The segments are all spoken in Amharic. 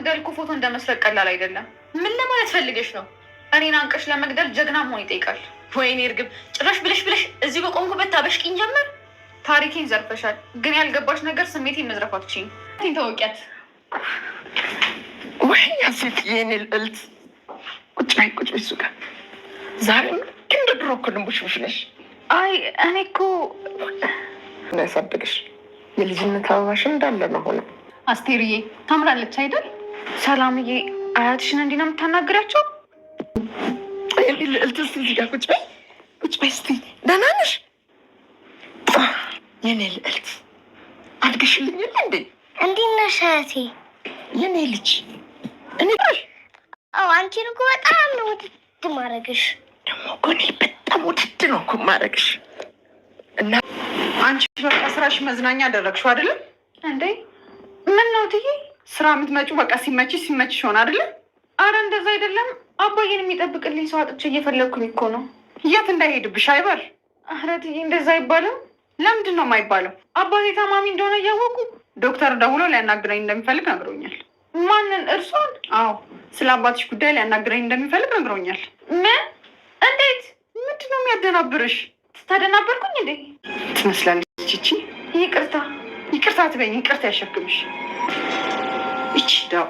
ለመግደል እኮ ፎቶ እንደመስረቅ ቀላል አይደለም። ምን ለማለት ፈልገሽ ነው? እኔን አንቀሽ ለመግደል ጀግና መሆን ይጠይቃል። ወይኔ እርግብ፣ ጭራሽ ብለሽ ብለሽ እዚህ በቆምኩበት ታበሽቂኝ ጀመር። ታሪኬን ዘርፈሻል፣ ግን ያልገባሽ ነገር ስሜቴን መዝረፍ አትችይም። ታወቂያት ወይኛ ሴት የኔ ልዕልት፣ ቁጭ በይ ቁጭ በይ እሱ ጋር ዛሬም ልክ እንደ ድሮ እኮ ድንቡሽቡሽ ነሽ። አይ እኔ እኮ ነው ያሳደግሽ፣ የልጅነት አበባሽ እንዳለ ነው ሆነ። አስቴርዬ ታምራለች አይደል? ሰላምዬ አያትሽን እንዲህ ነው የምታናግራቸው? ልትስ ጋ ቁጭ በይ ቁጭ በይ እስኪ ደህና ነሽ? የኔ ልዕልት አድግሽልኝ እንዴ? እንዴት ነሽ የኔ ልጅ እኔ አዎ፣ አንቺን እኮ በጣም ውድድ ማድረግሽ ደግሞ እኮ እኔ በጣም ውድድ ነው እኮ ማድረግሽ። እና አንቺ በቃ ስራሽ መዝናኛ አደረግሽው አይደለም እንዴ? ምን ነው ትዬ ስራ የምትመጪው በቃ ሲመችሽ ሲመችሽ ይሆን አይደለ? አረ እንደዛ አይደለም። አባዬን የሚጠብቅልኝ ሰው አጥቼ እየፈለግኩኝ እኮ ነው። የት እንዳይሄድብሽ አይበር። አረ ትዬ እንደዛ አይባልም። ለምንድን ነው የማይባለው? አባቴ ታማሚ እንደሆነ እያወቁ ዶክተር ደውሎ ሊያናግረኝ እንደሚፈልግ ነግሮኛል። ማንን? እርሷን? አዎ፣ ስለ አባትሽ ጉዳይ ሊያናግረኝ እንደሚፈልግ ነግሮኛል። ምን? እንዴት? ምንድን ነው የሚያደናብርሽ? ታደናበርኩኝ እንዴ? ትመስላለች። ይቅርታ ይቅርታ ትበኝ። ይቅርታ ያሸክምሽ እቺ ዳቦ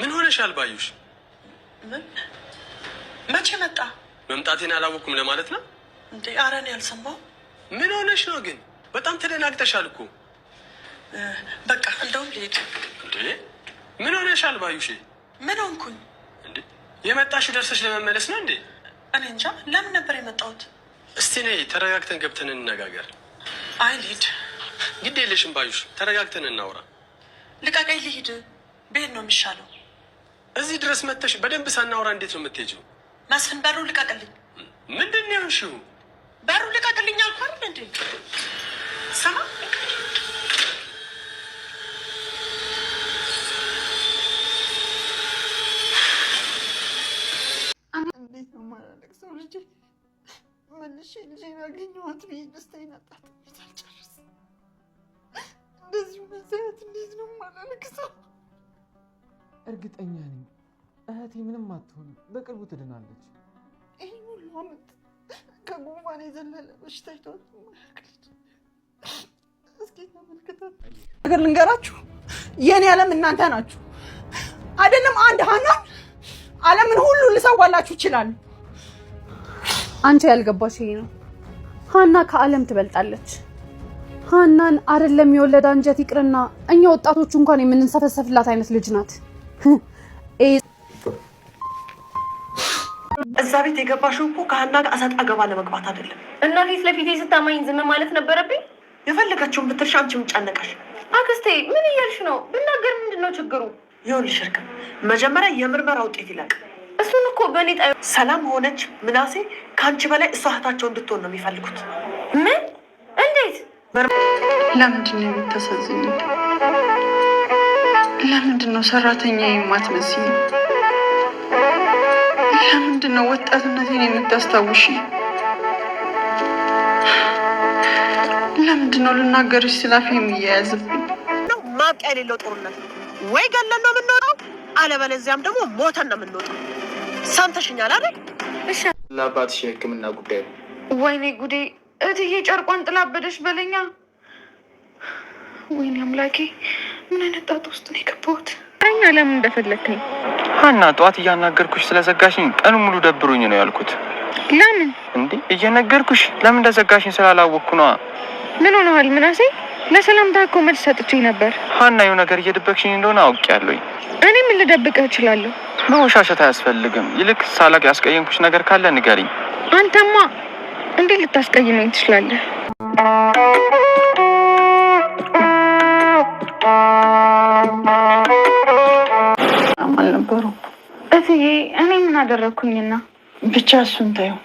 ምን ሆነሻል ባዩሽ? መቼ መጣ? መምጣቴን አላወኩም ለማለት ነው እንዴ? ኧረ እኔ አልሰማሁም። ምን ሆነሽ ነው ግን? በጣም ተደናግጠሻል እኮ። በቃ እንደውም ልሄድ። ምን ሆነሻል ባዩሽ? ምን ሆንኩኝ? የመጣሽ ደርሰሽ ለመመለስ ነው እንዴ? እኔ እንጃ ለምን ነበር የመጣሁት። እስቲ ነይ ተረጋግተን ገብተን እንነጋገር። አይ ልሂድ። ግድ የለሽም ባዩሽ፣ ተረጋግተን እናውራ። ልቀቀኝ፣ ልሂድ። ብሄድ ነው የሚሻለው። እዚህ ድረስ መጥተሽ በደንብ ሳናውራ እንዴት ነው የምትሄጂው? መስፍን፣ በሩ ልቀቅልኝ። ምንድን ነው ያልሽው? በሩ ልቀቅልኝ አልኳል እንዴ? ስማ የማላለቅሰው ልጄ መልሼ ልጄን አገኘኋት ብዬ ደስታዬን አጣጥሜት አልጨርስም። እንደዚሁ መዛያት እንዴት ነው የማላለቅሰው? እርግጠኛ ነኝ እህቴ ምንም አትሆን፣ በቅርቡ ትድናለች። ይህ ሁሉ አመት ከጉንፋን የዘለለ በሽታ ይተዋል ማያክልጅ እስኪ ተመልክታት ነገር ልንገራችሁ፣ የእኔ ዓለም እናንተ ናችሁ። አይደለም አንድ ሀናን ዓለምን ሁሉ ልሰዋላችሁ ይችላል። አንቺ ያልገባሽ ይሄ ነው። ሀና ከዓለም ትበልጣለች። ሀናን አይደለም የወለደ አንጀት ይቅርና እኛ ወጣቶቹ እንኳን የምንሰፈሰፍላት አይነት ልጅ ናት። እዛ ቤት የገባሽው እኮ ከሀና ጋር እሰጥ አገባ ለመግባት አይደለም። እና ፊት ለፊቴ ስታማኝ ዝም ማለት ነበረብኝ? የፈለገችውን ብትልሽ አንቺ ምን አክስቴ ምን እያልሽ ነው? ብናገር ምንድን ነው ችግሩ? ይኸውልሽ እርግብ መጀመሪያ የምርመራ ውጤት ይለቅ እኮ በእኔ ሰላም ሆነች ምናሴ ከአንቺ በላይ እሷ እህታቸው እንድትሆን ነው የሚፈልጉት። ምን? እንዴት? ለምንድን ነው የምታሳዝኝ? ለምንድን ነው ሰራተኛ የማትመስኝ? ለምንድን ነው ወጣትነቴን የምታስታውሽ? ለምንድን ነው ልናገርሽ ስላፊ የሚያያዝብኝ? ማብቂያ የሌለው ጦርነት ወይ ገለን ነው የምንወጣው፣ አለበለዚያም ደግሞ ሞተን ነው የምንወጣው። ሰምተሽኛል አይደል? እሺ። ለአባትሽ የህክምና ጉዳይ ነው። ወይኔ ጉዴ! እትዬ ጨርቋን ጥላበደሽ በለኛ። ወይኔ አምላኬ! ምን አይነት ጣጣ ውስጥ ነው የገባሁት? እኛ ለምን እንደፈለግከኝ ሀና፣ ጠዋት እያናገርኩሽ ስለዘጋሽኝ ቀኑ ሙሉ ደብሮኝ ነው ያልኩት። ለምን እንዴ? እየነገርኩሽ ለምን እንደዘጋሽኝ ስላላወቅኩ ነዋ። ምን ሆነዋል ምናሴ? ለሰላምታ እኮ መልስ ሰጥቼ ነበር። ሀና፣ የው ነገር እየደበቅሽኝ እንደሆነ አውቄያለሁኝ። እኔ ምን ልደብቅህ እችላለሁ? መወሻሸት አያስፈልግም። ይልቅ ሳላቅ ያስቀየምኩሽ ነገር ካለ ንገሪኝ። አንተማ እንዴት ልታስቀይመኝ ትችላለህ? አልነበሩ እትዬ፣ እኔ ምን አደረግኩኝና? ብቻ እሱን ታየው።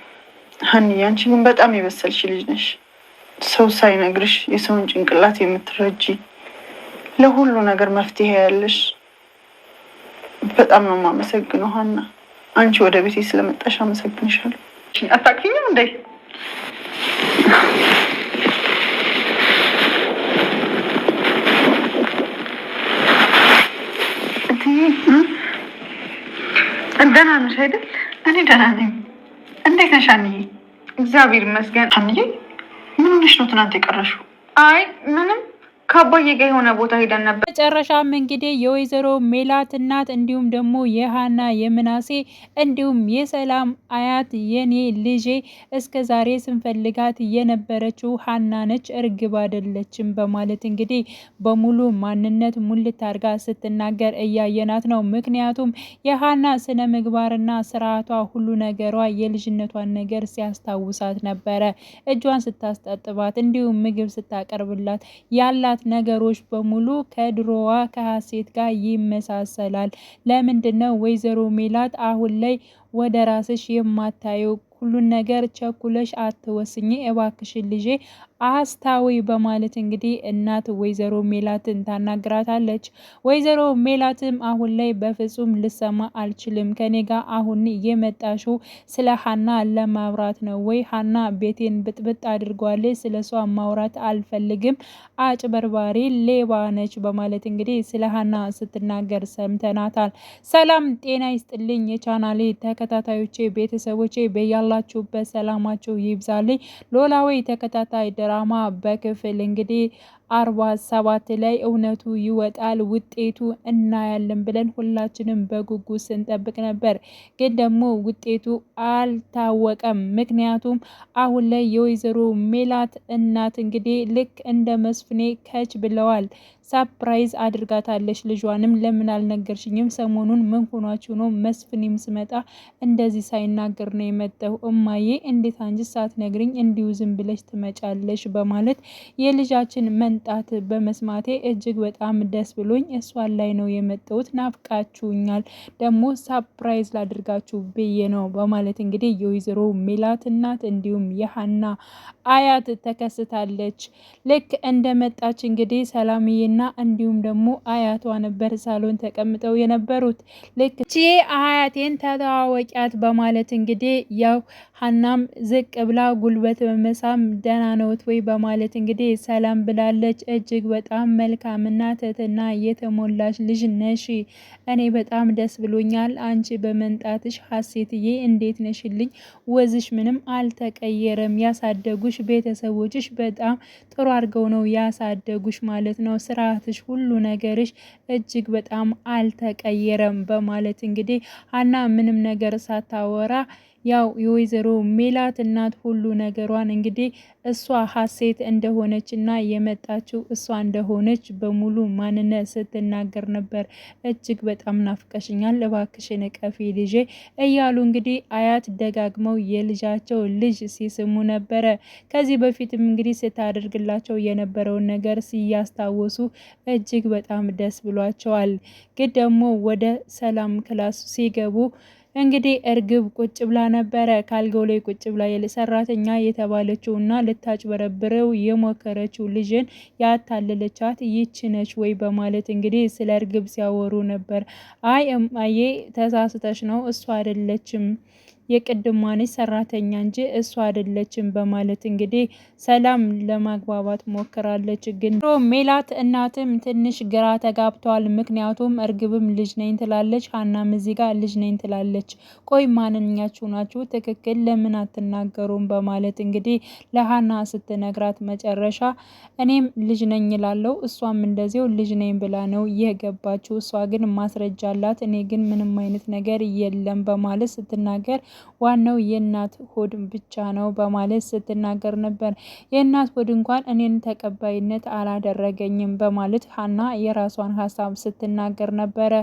አንቺ ግን በጣም የበሰልሽ ልጅ ነሽ። ሰው ሳይነግርሽ የሰውን ጭንቅላት የምትረጂ፣ ለሁሉ ነገር መፍትሄ ያለሽ በጣም ነው የማመሰግነው ሀና። አንቺ ወደ ቤቴ ስለመጣሽ አመሰግንሻለሁ። አታውቂኝም እንዴ? ደህና ነሽ አይደል? እኔ ደህና ነኝ። እንዴት ነሽ አንዬ? እግዚአብሔር ይመስገን። አንዬ ምን ሆነሽ ነው ትናንት የቀረሽው? አይ ምንም ከአባዬ ጋር የሆነ ቦታ ሄደን ነበር። መጨረሻም እንግዲህ የወይዘሮ ሜላት እናት እንዲሁም ደግሞ የሀና የምናሴ እንዲሁም የሰላም አያት የኔ ልጄ እስከ ዛሬ ስንፈልጋት የነበረችው ሀና ነች፣ እርግብ አይደለችም በማለት እንግዲህ በሙሉ ማንነት ሙልት አድርጋ ስትናገር እያየናት ነው። ምክንያቱም የሀና ስነ ምግባርና ስርዓቷ ሁሉ ነገሯ የልጅነቷን ነገር ሲያስታውሳት ነበረ። እጇን ስታስጣጥባት እንዲሁም ምግብ ስታቀርብላት ያላት ነገሮች በሙሉ ከድሮዋ ከሀሴት ጋር ይመሳሰላል። ለምንድን ነው ወይዘሮ ሜላት አሁን ላይ ወደ ራስሽ የማታየው? ሁሉን ነገር ቸኩለሽ አትወስኝ እባክሽን ልጄ አስታዊ በማለት እንግዲህ እናት ወይዘሮ ሜላትን ታናግራታለች። ወይዘሮ ሜላትም አሁን ላይ በፍጹም ልሰማ አልችልም፣ ከኔ ጋር አሁን የመጣሽው ስለ ሀና ለማውራት ነው ወይ? ሀና ቤቴን ብጥብጥ አድርጓለች፣ ስለ እሷ ማውራት አልፈልግም፣ አጭበርባሪ ሌባ ነች በማለት እንግዲህ ስለ ሀና ስትናገር ሰምተናታል። ሰላም ጤና ይስጥልኝ የቻናሌ ተከታታዮቼ ቤተሰቦቼ በያላ በያላችሁበት ሰላማችሁ ይብዛልኝ። ኖላዊ ተከታታይ ድራማ በክፍል እንግዲህ አርባ ሰባት ላይ እውነቱ ይወጣል፣ ውጤቱ እናያለን ብለን ሁላችንም በጉጉት ስንጠብቅ ነበር። ግን ደግሞ ውጤቱ አልታወቀም። ምክንያቱም አሁን ላይ የወይዘሮ ሜላት እናት እንግዲህ ልክ እንደ መስፍኔ ከች ብለዋል። ሳፕራይዝ አድርጋታለች። ልጇንም ለምን አልነገርሽኝም? ሰሞኑን ምን ሆኗችሁ ነው? መስፍኔም ስመጣ እንደዚህ ሳይናገር ነው የመጣው። እማዬ እንዴት አንቺ ሳትነግሪኝ እንዲሁ ዝም ብለሽ ትመጫለሽ? በማለት የልጃችን መን መምጣት በመስማቴ እጅግ በጣም ደስ ብሎኝ እሷን ላይ ነው የመጣሁት። ናፍቃችሁኛል፣ ደግሞ ሳፕራይዝ ላድርጋችሁ ብዬ ነው በማለት እንግዲህ የወይዘሮ ሜላት እናት እንዲሁም የሀና አያት ተከስታለች። ልክ እንደመጣች እንግዲህ ሰላምዬና እንዲሁም ደግሞ አያቷ ነበር ሳሎን ተቀምጠው የነበሩት። ልክ ቺ አያቴን ተተዋወቂያት በማለት እንግዲህ ያው ሀናም ዝቅ ብላ ጉልበት በመሳም ደህና ነዎት ወይ በማለት እንግዲህ ሰላም ብላለ ትለኛለች። እጅግ በጣም መልካምና ትህትና የተሞላች ልጅ ነሽ። እኔ በጣም ደስ ብሎኛል አንቺ በመንጣትሽ ሀሴትዬ እንዴት ነሽልኝ? ወዝሽ ምንም አልተቀየረም። ያሳደጉሽ ቤተሰቦችሽ በጣም ጥሩ አድርገው ነው ያሳደጉሽ ማለት ነው። ስርዓትሽ፣ ሁሉ ነገርሽ እጅግ በጣም አልተቀየረም በማለት እንግዲህ ሀና ምንም ነገር ሳታወራ ያው የወይዘሮ ሜላት እናት ሁሉ ነገሯን እንግዲህ እሷ ሀሴት እንደሆነች እና የመጣችው እሷ እንደሆነች በሙሉ ማንነት ስትናገር ነበር። እጅግ በጣም ናፍቀሽኛል፣ እባክሽን ቀፊ ልጄ እያሉ እንግዲህ አያት ደጋግመው የልጃቸው ልጅ ሲስሙ ነበረ። ከዚህ በፊትም እንግዲህ ስታደርግላቸው የነበረውን ነገር ሲያስታወሱ እጅግ በጣም ደስ ብሏቸዋል። ግን ደግሞ ወደ ሰላም ክላስ ሲገቡ እንግዲህ እርግብ ቁጭ ብላ ነበረ። ካልጋው ላይ ቁጭ ብላ ሰራተኛ የተባለችውና ልታጭበረብረው የሞከረችው ልጅን ያታለለቻት ይች ነች ወይ በማለት እንግዲህ ስለ እርግብ ሲያወሩ ነበር። አይ እማዬ ተሳስተሽ ነው እሷ አይደለችም የቅድሟነች ሰራተኛ እንጂ እሷ አይደለችም በማለት እንግዲህ ሰላም ለማግባባት ሞክራለች። ግን ሜላት እናትም ትንሽ ግራ ተጋብተዋል። ምክንያቱም እርግብም ልጅ ነኝ ትላለች፣ ሀናም እዚህ ጋር ልጅ ነኝ ትላለች። ቆይ ማንኛችሁ ናችሁ ትክክል ለምን አትናገሩም? በማለት እንግዲህ ለሀና ስትነግራት መጨረሻ እኔም ልጅ ነኝ እላለሁ እሷም እንደዚው ልጅ ነኝ ብላ ነው የገባችው። እሷ ግን ማስረጃ አላት፣ እኔ ግን ምንም አይነት ነገር የለም በማለት ስትናገር ዋናው የእናት ሆድ ብቻ ነው በማለት ስትናገር ነበር። የእናት ሆድ እንኳን እኔን ተቀባይነት አላደረገኝም በማለት ሀና የራሷን ሀሳብ ስትናገር ነበረ።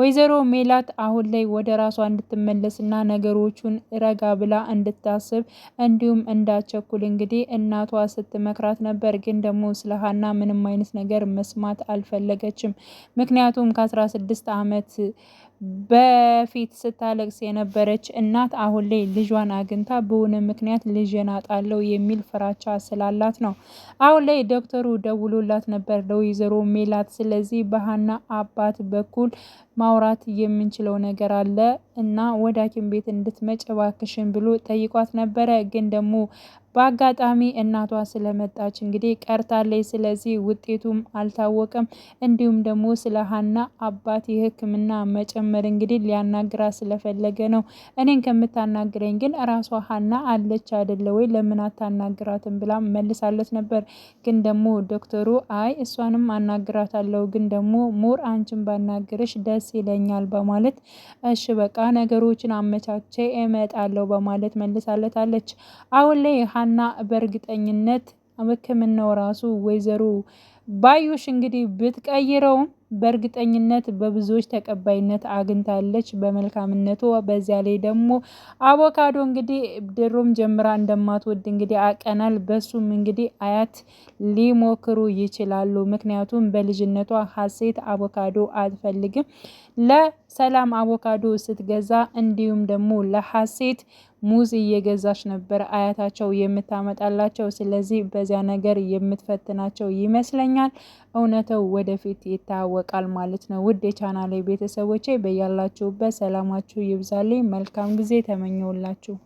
ወይዘሮ ሜላት አሁን ላይ ወደ ራሷ እንድትመለስና ነገሮቹን ረጋ ብላ እንድታስብ እንዲሁም እንዳቸኩል እንግዲህ እናቷ ስትመክራት ነበር። ግን ደግሞ ስለ ሀና ምንም አይነት ነገር መስማት አልፈለገችም። ምክንያቱም ከ16 ዓመት በፊት ስታለቅስ የነበረች እናት አሁን ላይ ልጇን አግኝታ በሆነ ምክንያት ልጅን አጣለው የሚል ፍራቻ ስላላት ነው። አሁን ላይ ዶክተሩ ደውሎላት ነበር ለወይዘሮ ሜላት። ስለዚህ በሀና አባት በኩል ማውራት የምንችለው ነገር አለ እና ወደ ሐኪም ቤት እንድትመጭ እባክሽን ብሎ ጠይቋት ነበረ። ግን ደግሞ በአጋጣሚ እናቷ ስለመጣች እንግዲህ ቀርታለች። ስለዚህ ውጤቱም አልታወቀም። እንዲሁም ደግሞ ስለ ሀና አባት የሕክምና መጨመር እንግዲህ ሊያናግራ ስለፈለገ ነው። እኔን ከምታናግረኝ ግን ራሷ ሀና አለች አይደለ ወይ ለምን አታናግራትም ብላ መልሳለት ነበር። ግን ደግሞ ዶክተሩ አይ እሷንም አናግራታለሁ፣ ግን ደግሞ ሞር አንቺን ባናግርሽ ደስ ደስ ይለኛል በማለት እሺ በቃ ነገሮችን አመቻቼ እመጣለሁ በማለት መልሳለታለች። አሁን ላይ ሀና በእርግጠኝነት ሕክምናው ራሱ ወይዘሮ ባዩሽ እንግዲህ ብትቀይረውም በእርግጠኝነት በብዙዎች ተቀባይነት አግኝታለች በመልካምነቱ በዚያ ላይ ደግሞ አቮካዶ እንግዲህ ድሮም ጀምራ እንደማትወድ እንግዲህ አቀናል። በሱም እንግዲህ አያት ሊሞክሩ ይችላሉ። ምክንያቱም በልጅነቷ ሀሴት አቮካዶ አትፈልግም። ለሰላም አቮካዶ ስትገዛ እንዲሁም ደግሞ ለሀሴት ሙዝ እየገዛች ነበር አያታቸው የምታመጣላቸው። ስለዚህ በዚያ ነገር የምትፈትናቸው ይመስለኛል። እውነተው ወደፊት ይታወቃል። ይታወቃል ማለት ነው። ውድ የቻናሌ ቤተሰቦቼ በያላችሁበት ሰላማችሁ ይብዛልኝ። መልካም ጊዜ ተመኘውላችሁ።